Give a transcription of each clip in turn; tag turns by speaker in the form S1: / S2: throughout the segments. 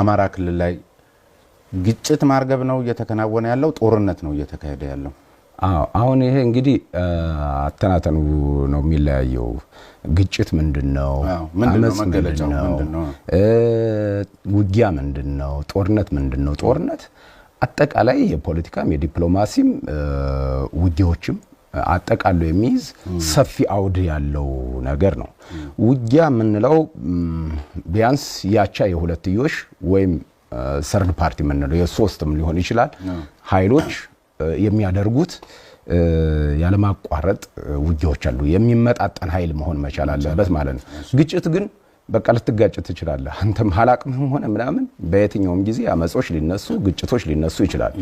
S1: አማራ ክልል ላይ ግጭት ማርገብ ነው እየተከናወነ ያለው፣ ጦርነት ነው እየተካሄደ ያለው።
S2: አሁን ይሄ እንግዲህ አተናተኑ ነው የሚለያየው። ግጭት ምንድን ነው?
S1: አመፅ ምንድን ነው?
S2: ውጊያ ምንድን ነው? ጦርነት ምንድን ነው? ጦርነት አጠቃላይ የፖለቲካም የዲፕሎማሲም ውጊያዎችም አጠቃሎ የሚይዝ ሰፊ አውድ ያለው ነገር ነው። ውጊያ የምንለው ቢያንስ ያቻ የሁለትዮሽ ወይም ሰርድ ፓርቲ የምንለው የሶስትም ሊሆን ይችላል ኃይሎች የሚያደርጉት ያለማቋረጥ ውጊያዎች አሉ። የሚመጣጠን ኃይል መሆን መቻል አለበት ማለት ነው። ግጭት ግን በቃ ልትጋጭ ትችላለህ። አንተም ሀላቅምህም ሆነ ምናምን በየትኛውም ጊዜ አመጾች ሊነሱ ግጭቶች ሊነሱ ይችላሉ።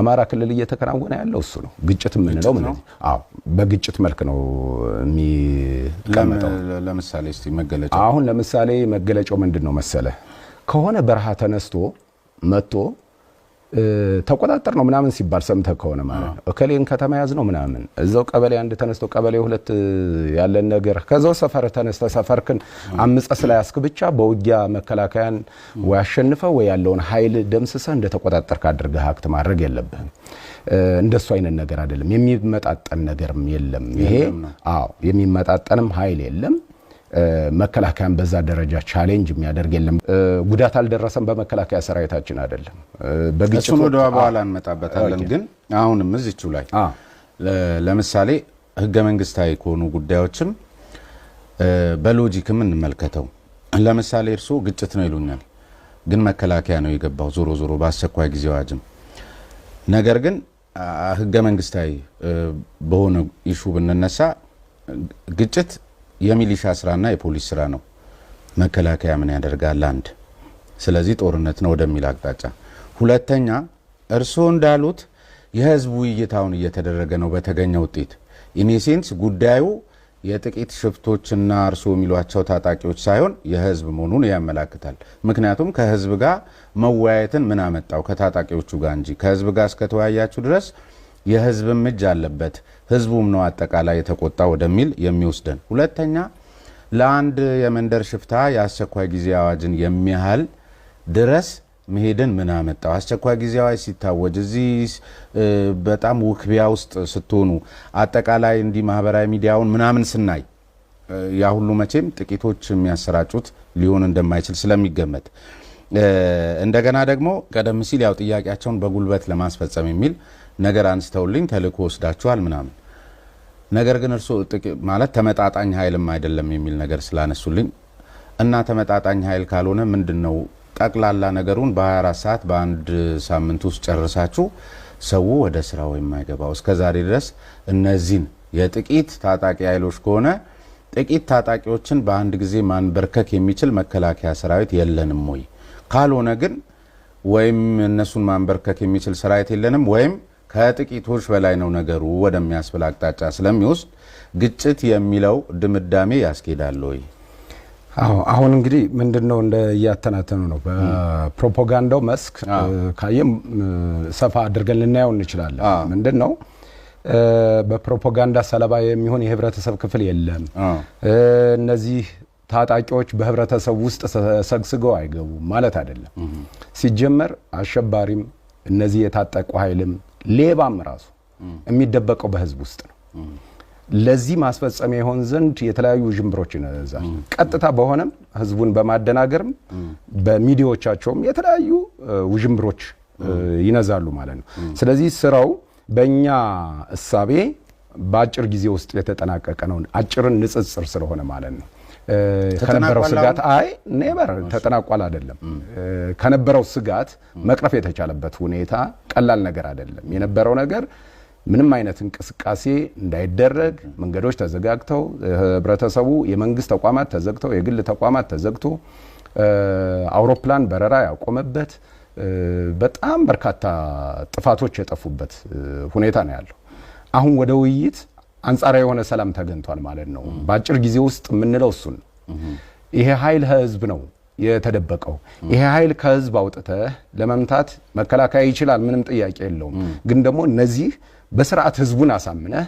S2: አማራ ክልል እየተከናወነ ያለው እሱ ነው። ግጭት የምንለው ምን? አዎ በግጭት መልክ ነው የሚቀመጠው። ለምሳሌ አሁን ለምሳሌ መገለጫው ምንድን ነው መሰለ ከሆነ በረሃ ተነስቶ መጥቶ ተቆጣጠር ነው ምናምን ሲባል ሰምተ ከሆነ ማለት ነው እከሌን ከተማ ያዝ ነው ምናምን እዛው ቀበሌ አንድ ተነስቶ ቀበሌ ሁለት ያለን ነገር ከዛው ሰፈር ተነስተ ሰፈርክን አምፀ ስላያስክ ብቻ በውጊያ መከላከያን ወይ አሸንፈ ወይ ያለውን ኃይል ደምስሰ ተቆጣጠር ካድርገ ሀክት ማድረግ የለብህም። እንደሱ አይነት ነገር አይደለም። የሚመጣጠን ነገርም የለም። ይሄ አዎ የሚመጣጠንም ኃይል የለም። መከላከያን በዛ ደረጃ ቻሌንጅ የሚያደርግ የለም። ጉዳት አልደረሰም በመከላከያ ሰራዊታችን አይደለም። በግጭቱ ወደ በኋላ እንመጣበታለን። ግን አሁንም እዚቹ ላይ ለምሳሌ ህገ መንግስታዊ ከሆኑ ጉዳዮችም በሎጂክም እንመልከተው። ለምሳሌ እርስዎ ግጭት ነው ይሉኛል፣ ግን መከላከያ ነው የገባው ዞሮ ዞሮ በአስቸኳይ ጊዜ አዋጅም ነገር ግን ህገ መንግስታዊ በሆነ ኢሹ ብንነሳ ግጭት የሚሊሻ ስራና የፖሊስ ስራ ነው። መከላከያ ምን ያደርጋል? አንድ ስለዚህ ጦርነት ነው ወደሚል አቅጣጫ፣ ሁለተኛ እርስዎ እንዳሉት የህዝብ ውይይታውን እየተደረገ ነው። በተገኘ ውጤት ኢኔሴንስ ጉዳዩ የጥቂት ሽፍቶችና እርስዎ የሚሏቸው ታጣቂዎች ሳይሆን የህዝብ መሆኑን ያመላክታል። ምክንያቱም ከህዝብ ጋር መወያየትን ምን አመጣው? ከታጣቂዎቹ ጋር እንጂ ከህዝብ ጋር እስከተወያያችሁ ድረስ የህዝብም እጅ አለበት ህዝቡም ነው አጠቃላይ የተቆጣ ወደሚል የሚወስደን። ሁለተኛ ለአንድ የመንደር ሽፍታ የአስቸኳይ ጊዜ አዋጅን የሚያህል ድረስ መሄድን ምን አመጣው? አስቸኳይ ጊዜ አዋጅ ሲታወጅ እዚህ በጣም ውክቢያ ውስጥ ስትሆኑ አጠቃላይ እንዲህ ማህበራዊ ሚዲያውን ምናምን ስናይ ያ ሁሉ መቼም ጥቂቶች የሚያሰራጩት ሊሆን እንደማይችል ስለሚገመት እንደገና ደግሞ ቀደም ሲል ያው ጥያቄያቸውን በጉልበት ለማስፈጸም የሚል ነገር አንስተውልኝ ተልእኮ ወስዳችኋል ምናምን ነገር ግን እርሱ ማለት ተመጣጣኝ ኃይልም አይደለም የሚል ነገር ስላነሱልኝ እና ተመጣጣኝ ኃይል ካልሆነ ምንድን ነው ጠቅላላ ነገሩን በ24 ሰዓት በአንድ ሳምንት ውስጥ ጨርሳችሁ ሰው ወደ ስራው የማይገባው እስከ ዛሬ ድረስ እነዚህን የጥቂት ታጣቂ ኃይሎች ከሆነ ጥቂት ታጣቂዎችን በአንድ ጊዜ ማንበርከክ የሚችል መከላከያ ሰራዊት የለንም ወይ? ካልሆነ ግን ወይም እነሱን ማንበርከክ የሚችል ሰራዊት የለንም ወይም ከጥቂቶች በላይ ነው ነገሩ ወደሚያስብል አቅጣጫ ስለሚወስድ ግጭት የሚለው ድምዳሜ ያስኬዳል ወይ?
S1: አዎ አሁን እንግዲህ ምንድን ነው እንደ እያተናተኑ ነው። በፕሮፓጋንዳው መስክ ካየም ሰፋ አድርገን ልናየው እንችላለን። ምንድን ነው በፕሮፓጋንዳ ሰለባ የሚሆን የህብረተሰብ ክፍል የለም። እነዚህ ታጣቂዎች በህብረተሰብ ውስጥ ሰግስገው አይገቡም ማለት አይደለም። ሲጀመር አሸባሪም እነዚህ የታጠቁ ኃይልም ሌባም ራሱ የሚደበቀው በህዝብ ውስጥ ነው። ለዚህ ማስፈጸሚያ የሆን ዘንድ የተለያዩ ዥንብሮችን ይነዛል። ቀጥታ በሆነም ህዝቡን በማደናገርም በሚዲያዎቻቸውም የተለያዩ ውዥንብሮች ይነዛሉ ማለት ነው። ስለዚህ ስራው በእኛ እሳቤ በአጭር ጊዜ ውስጥ የተጠናቀቀ ነው። አጭርን ንጽጽር ስለሆነ ማለት ነው። ከነበረው ስጋት አይ ኔበር ተጠናቋል አይደለም። ከነበረው ስጋት መቅረፍ የተቻለበት ሁኔታ ቀላል ነገር አይደለም። የነበረው ነገር ምንም አይነት እንቅስቃሴ እንዳይደረግ መንገዶች ተዘጋግተው ህብረተሰቡ፣ የመንግስት ተቋማት ተዘግተው፣ የግል ተቋማት ተዘግቶ አውሮፕላን በረራ ያቆመበት በጣም በርካታ ጥፋቶች የጠፉበት ሁኔታ ነው ያለው። አሁን ወደ ውይይት አንጻራዊ የሆነ ሰላም ተገኝቷል ማለት ነው። በአጭር ጊዜ ውስጥ የምንለው እሱን ይሄ ኃይል ህዝብ ነው የተደበቀው ይሄ ኃይል ከህዝብ አውጥተህ ለመምታት መከላከያ ይችላል፣ ምንም ጥያቄ የለውም። ግን ደግሞ እነዚህ በስርዓት ህዝቡን አሳምነህ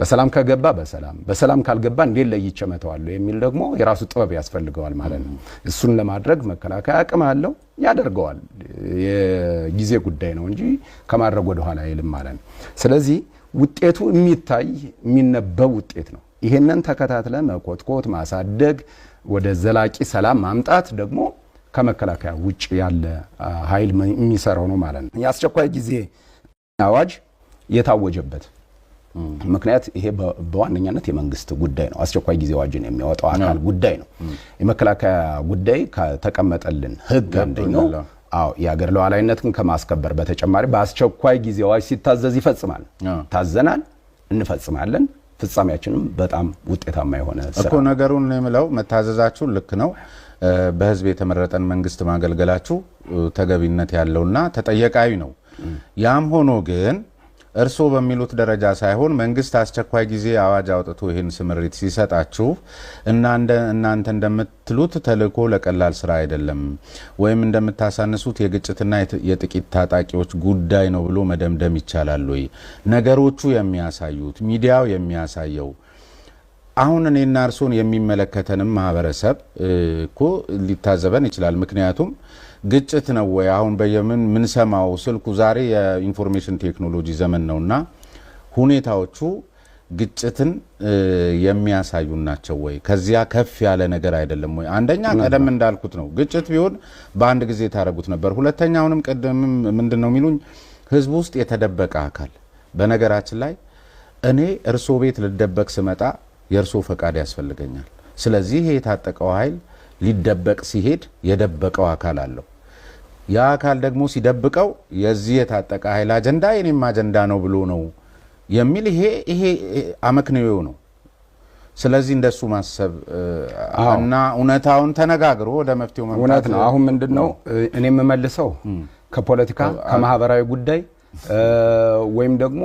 S1: በሰላም ከገባ በሰላም በሰላም ካልገባ እንዴት ለይቼ እመታዋለሁ የሚል ደግሞ የራሱ ጥበብ ያስፈልገዋል ማለት ነው። እሱን ለማድረግ መከላከያ አቅም አለው፣ ያደርገዋል። የጊዜ ጉዳይ ነው እንጂ ከማድረግ ወደኋላ አይልም ማለት ነው። ስለዚህ ውጤቱ የሚታይ የሚነበብ ውጤት ነው። ይሄንን ተከታትለ መኮትኮት ማሳደግ፣ ወደ ዘላቂ ሰላም ማምጣት ደግሞ ከመከላከያ ውጭ ያለ ኃይል የሚሰራው ነው ማለት ነው። የአስቸኳይ ጊዜ አዋጅ የታወጀበት ምክንያት ይሄ በዋነኛነት የመንግስት ጉዳይ ነው። አስቸኳይ ጊዜ አዋጅን የሚያወጣው አካል ጉዳይ ነው። የመከላከያ ጉዳይ ከተቀመጠልን ህግ። አንደኛው አዎ የሀገር ሉዓላዊነትን ከማስከበር በተጨማሪ በአስቸኳይ ጊዜ አዋጅ ሲታዘዝ ይፈጽማል። ታዘናል፣ እንፈጽማለን። ፍጻሜያችንም በጣም ውጤታማ የሆነ
S2: እኮ ነገሩን የምለው መታዘዛችሁ ልክ ነው። በህዝብ የተመረጠን መንግስት ማገልገላችሁ ተገቢነት ያለውና ተጠየቃዊ ነው። ያም ሆኖ ግን እርስዎ በሚሉት ደረጃ ሳይሆን መንግስት አስቸኳይ ጊዜ አዋጅ አውጥቶ ይህን ስምሪት ሲሰጣችሁ እናንተ እንደምትሉት ተልዕኮ ለቀላል ስራ አይደለም ወይም እንደምታሳንሱት የግጭትና የጥቂት ታጣቂዎች ጉዳይ ነው ብሎ መደምደም ይቻላል ወይ? ነገሮቹ የሚያሳዩት ሚዲያው የሚያሳየው አሁን እኔና እርስዎን የሚመለከተንም ማህበረሰብ እኮ ሊታዘበን ይችላል። ምክንያቱም ግጭት ነው ወይ? አሁን በየምን ምንሰማው ስልኩ ዛሬ የኢንፎርሜሽን ቴክኖሎጂ ዘመን ነውና ሁኔታዎቹ ግጭትን የሚያሳዩ ናቸው ወይ? ከዚያ ከፍ ያለ ነገር አይደለም ወይ? አንደኛ ቀደም እንዳልኩት ነው፣ ግጭት ቢሆን በአንድ ጊዜ ታደረጉት ነበር። ሁለተኛ አሁንም ቅድምም ምንድን ነው የሚሉኝ ህዝብ ውስጥ የተደበቀ አካል። በነገራችን ላይ እኔ እርሶ ቤት ልደበቅ ስመጣ የእርሶ ፈቃድ ያስፈልገኛል። ስለዚህ ይሄ የታጠቀው ኃይል ሊደበቅ ሲሄድ የደበቀው አካል አለው። ያ አካል ደግሞ ሲደብቀው የዚህ የታጠቀ ኃይል አጀንዳ የኔም አጀንዳ ነው ብሎ ነው የሚል ይሄ ይሄ አመክንዮው ነው። ስለዚህ እንደሱ ማሰብ እና እውነታውን ተነጋግሮ ወደ መፍትሄው
S1: መምጣት ነው። አሁን ምንድን ነው እኔ የምመልሰው ከፖለቲካ ከማህበራዊ ጉዳይ ወይም ደግሞ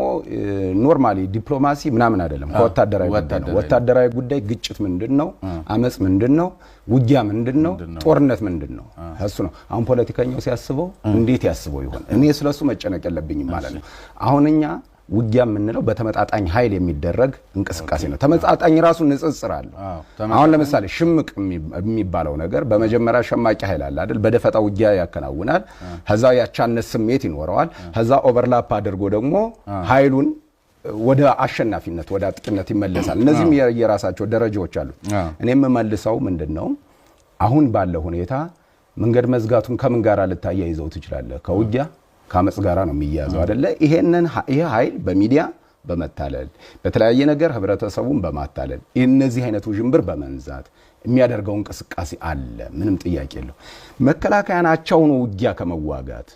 S1: ኖርማሊ ዲፕሎማሲ ምናምን አይደለም። ከወታደራዊ ጉዳይ ነው። ወታደራዊ ጉዳይ ግጭት ምንድን ነው? አመፅ ምንድን ነው? ውጊያ ምንድን ነው? ጦርነት ምንድን ነው? እሱ ነው። አሁን ፖለቲከኛው ሲያስበው እንዴት ያስበው ይሆን? እኔ ስለሱ መጨነቅ የለብኝም ማለት ነው። አሁን እኛ ውጊያ የምንለው በተመጣጣኝ ኃይል የሚደረግ እንቅስቃሴ ነው። ተመጣጣኝ ራሱ ንጽጽር አለ። አሁን ለምሳሌ ሽምቅ የሚባለው ነገር በመጀመሪያ ሸማቂ ኃይል አለ አይደል? በደፈጣ ውጊያ ያከናውናል። ከዛ ያቻነት ስሜት ይኖረዋል። ከዛ ኦቨርላፕ አድርጎ ደግሞ ኃይሉን ወደ አሸናፊነት ወደ አጥቂነት ይመለሳል። እነዚህም የራሳቸው ደረጃዎች አሉ። እኔ የምመልሰው ምንድን ነው አሁን ባለው ሁኔታ መንገድ መዝጋቱን ከምን ጋር ልታያይዘው ትችላለህ? ከውጊያ ከአመፅ ጋር ነው የሚያዘው አደለ? ይሄንን ይህ ኃይል በሚዲያ በመታለል በተለያየ ነገር ህብረተሰቡን በማታለል እነዚህ አይነት ውዥንብር በመንዛት የሚያደርገው እንቅስቃሴ አለ። ምንም ጥያቄ የለው። መከላከያ ናቸውን ውጊያ ከመዋጋት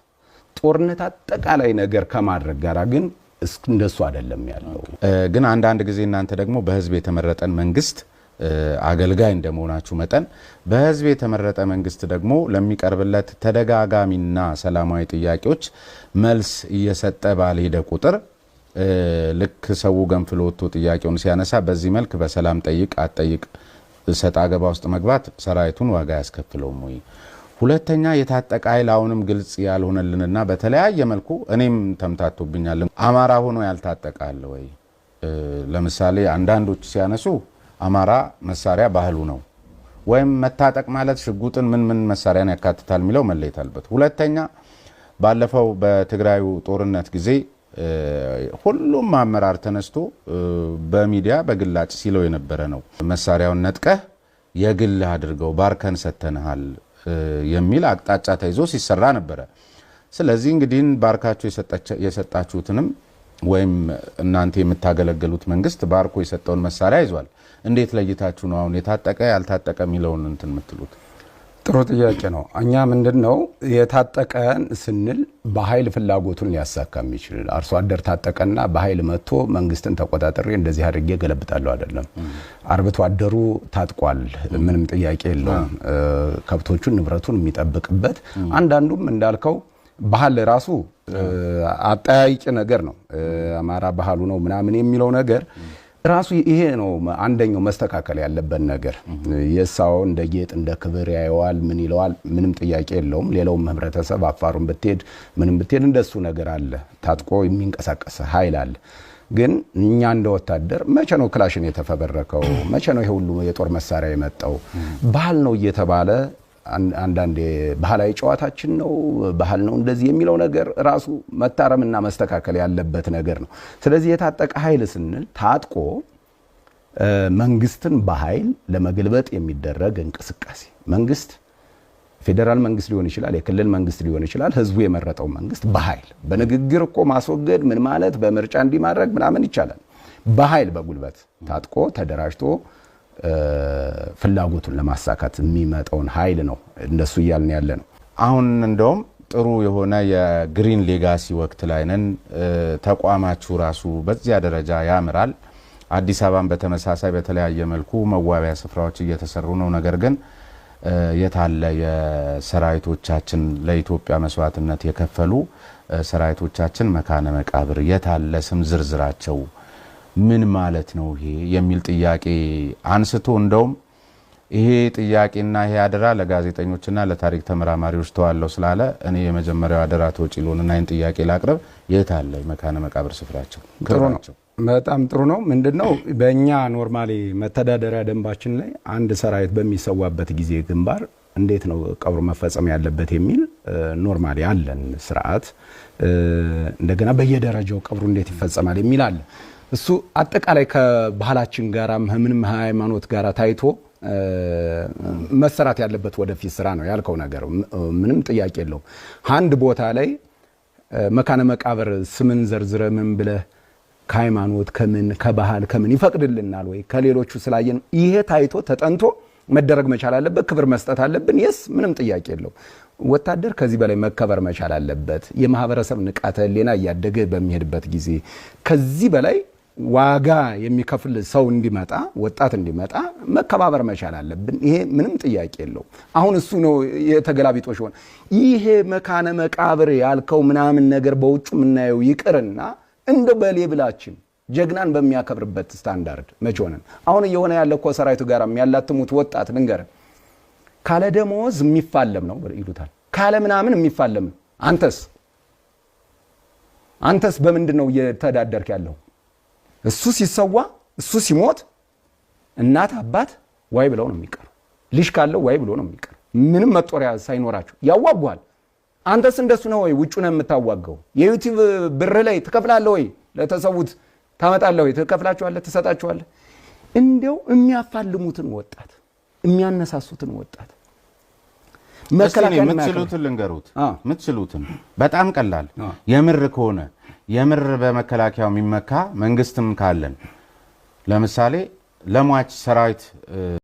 S1: ጦርነት አጠቃላይ ነገር ከማድረግ ጋር ግን እንደሱ አይደለም ያለው።
S2: ግን አንዳንድ ጊዜ እናንተ ደግሞ በህዝብ የተመረጠን መንግስት አገልጋይ እንደመሆናችሁ መጠን በህዝብ የተመረጠ መንግስት ደግሞ ለሚቀርብለት ተደጋጋሚና ሰላማዊ ጥያቄዎች መልስ እየሰጠ ባልሄደ ቁጥር ልክ ሰው ገንፍሎ ወጥቶ ጥያቄውን ሲያነሳ በዚህ መልክ በሰላም ጠይቅ አጠይቅ ሰጥ አገባ ውስጥ መግባት ሰራዊቱን ዋጋ ያስከፍለውም ወይ? ሁለተኛ የታጠቀ ኃይል አሁንም ግልጽ ያልሆነልንና በተለያየ መልኩ እኔም ተምታቶብኛል። አማራ ሆኖ ያልታጠቃለ ወይ? ለምሳሌ አንዳንዶች ሲያነሱ አማራ መሳሪያ ባህሉ ነው ወይም መታጠቅ ማለት ሽጉጥን ምን ምን መሳሪያን ያካትታል የሚለው መለየት አለበት። ሁለተኛ ባለፈው በትግራዩ ጦርነት ጊዜ ሁሉም አመራር ተነስቶ በሚዲያ በግላጭ ሲለው የነበረ ነው። መሳሪያውን ነጥቀህ የግል አድርገው ባርከን ሰተንሃል የሚል አቅጣጫ ተይዞ ሲሰራ ነበረ። ስለዚህ እንግዲህ ባርካችሁ የሰጣችሁትንም ወይም እናንተ የምታገለገሉት መንግስት ባርኮ የሰጠውን መሳሪያ ይዟል። እንዴት ለይታችሁ ነው አሁን የታጠቀ ያልታጠቀ የሚለውን እንትን የምትሉት?
S1: ጥሩ ጥያቄ ነው። እኛ ምንድን ነው የታጠቀን ስንል በኃይል ፍላጎቱን ሊያሳካ የሚችል አርሶ አደር ታጠቀና በኃይል መጥቶ መንግስትን ተቆጣጠሬ እንደዚህ አድርጌ ገለብጣለሁ አይደለም። አርብቶ አደሩ ታጥቋል፣ ምንም ጥያቄ የለውም። ከብቶቹን ንብረቱን የሚጠብቅበት አንዳንዱም እንዳልከው ባህል ራሱ አጠያይቂ ነገር ነው። አማራ ባህሉ ነው ምናምን የሚለው ነገር ራሱ ይሄ ነው አንደኛው መስተካከል ያለበት ነገር። የሳው እንደ ጌጥ እንደ ክብር ያየዋል። ምን ይለዋል? ምንም ጥያቄ የለውም። ሌላውም ህብረተሰብ አፋሩን ብትሄድ ምንም ብትሄድ እንደሱ ነገር አለ፣ ታጥቆ የሚንቀሳቀስ ኃይል አለ። ግን እኛ እንደ ወታደር መቼ ነው ክላሽን የተፈበረከው? መቼ ነው ይሄ ሁሉ የጦር መሳሪያ የመጣው? ባህል ነው እየተባለ አንዳንድ ባህላዊ ጨዋታችን ነው ባህል ነው እንደዚህ የሚለው ነገር ራሱ መታረምና መስተካከል ያለበት ነገር ነው። ስለዚህ የታጠቀ ኃይል ስንል ታጥቆ መንግስትን በኃይል ለመገልበጥ የሚደረግ እንቅስቃሴ መንግስት ፌዴራል መንግስት ሊሆን ይችላል፣ የክልል መንግስት ሊሆን ይችላል። ህዝቡ የመረጠው መንግስት በኃይል በንግግር እኮ ማስወገድ ምን ማለት በምርጫ እንዲማድረግ ምናምን ይቻላል። በኃይል በጉልበት ታጥቆ ተደራጅቶ ፍላጎቱን ለማሳካት የሚመጣውን ኃይል ነው እንደሱ እያልን ያለ ነው። አሁን እንደውም ጥሩ የሆነ የግሪን ሌጋሲ ወቅት ላይ ነን። ተቋማችሁ ራሱ በዚያ ደረጃ ያምራል። አዲስ አበባን በተመሳሳይ በተለያየ መልኩ መዋቢያ ስፍራዎች እየተሰሩ ነው። ነገር ግን የታለ የሰራዊቶቻችን ለኢትዮጵያ መስዋዕትነት የከፈሉ ሰራዊቶቻችን መካነ መቃብር የታለ ስም ዝርዝራቸው ምን ማለት ነው ይሄ የሚል ጥያቄ አንስቶ እንደውም ይሄ ጥያቄና ይሄ አደራ ለጋዜጠኞችና ለታሪክ ተመራማሪዎች ተዋለው ስላለ እኔ የመጀመሪያው አደራ ተወጪ ልሆንና ይህን ጥያቄ ላቅረብ። የት አለ መካነ መቃብር ስፍራቸው? በጣም ጥሩ ነው። ምንድን ነው በእኛ ኖርማሊ መተዳደሪያ ደንባችን ላይ አንድ ሰራዊት በሚሰዋበት ጊዜ ግንባር እንዴት ነው ቀብሩ መፈጸም ያለበት የሚል ኖርማሌ አለን ስርዓት። እንደገና በየደረጃው ቀብሩ እንዴት ይፈጸማል የሚል አለ። እሱ አጠቃላይ ከባህላችን ጋራ ምንም ሃይማኖት ጋር ታይቶ መሰራት ያለበት ወደፊት ስራ ነው ያልከው ነገር ምንም ጥያቄ የለው። አንድ ቦታ ላይ መካነ መቃብር ስምን ዘርዝረ ምን ብለህ ከሃይማኖት ከምን ከባህል ከምን ይፈቅድልናል ወይ ከሌሎቹ ስላየን ይሄ ታይቶ ተጠንቶ መደረግ መቻል አለበት። ክብር መስጠት አለብን። የስ ምንም ጥያቄ የለው። ወታደር ከዚህ በላይ መከበር መቻል አለበት። የማህበረሰብ ንቃተ ህሊና እያደገ በሚሄድበት ጊዜ ከዚህ በላይ ዋጋ የሚከፍል ሰው እንዲመጣ ወጣት እንዲመጣ መከባበር መቻል አለብን። ይሄ ምንም ጥያቄ የለው። አሁን እሱ ነው የተገላቢጦሽ ሆነ። ይሄ መካነ መቃብር ያልከው ምናምን ነገር በውጭ የምናየው ይቅርና እንደ በሌብላችን ጀግናን በሚያከብርበት ስታንዳርድ መቼ ሆነን አሁን እየሆነ ያለ እኮ ሰራዊቱ ጋር የሚያላትሙት ወጣት ልንገር፣ ካለ ደሞዝ የሚፋለም ነው ይሉታል፣ ካለ ምናምን የሚፋለም ነው። አንተስ አንተስ በምንድን ነው እየተዳደርክ ያለው? እሱ ሲሰዋ እሱ ሲሞት እናት አባት ዋይ ብለው ነው የሚቀሩ። ልጅ ካለው ዋይ ብሎ ነው የሚቀሩ። ምንም መጦሪያ ሳይኖራቸው ያዋጓል። አንተስ እንደሱ ነው ወይ? ውጩ ነው የምታዋገው? የዩቲዩብ ብር ላይ ትከፍላለህ ወይ? ለተሰዉት ታመጣለህ ወይ? ትከፍላቸዋለህ፣ ትሰጣቸዋለህ። እንደው የሚያፋልሙትን ወጣት የሚያነሳሱትን ወጣት
S2: መከላከያ የምትችሉትን ልንገሩት፣ የምትችሉትን በጣም ቀላል የምር ከሆነ የምር በመከላከያው የሚመካ መንግስትም ካለን ለምሳሌ ለሟች ሰራዊት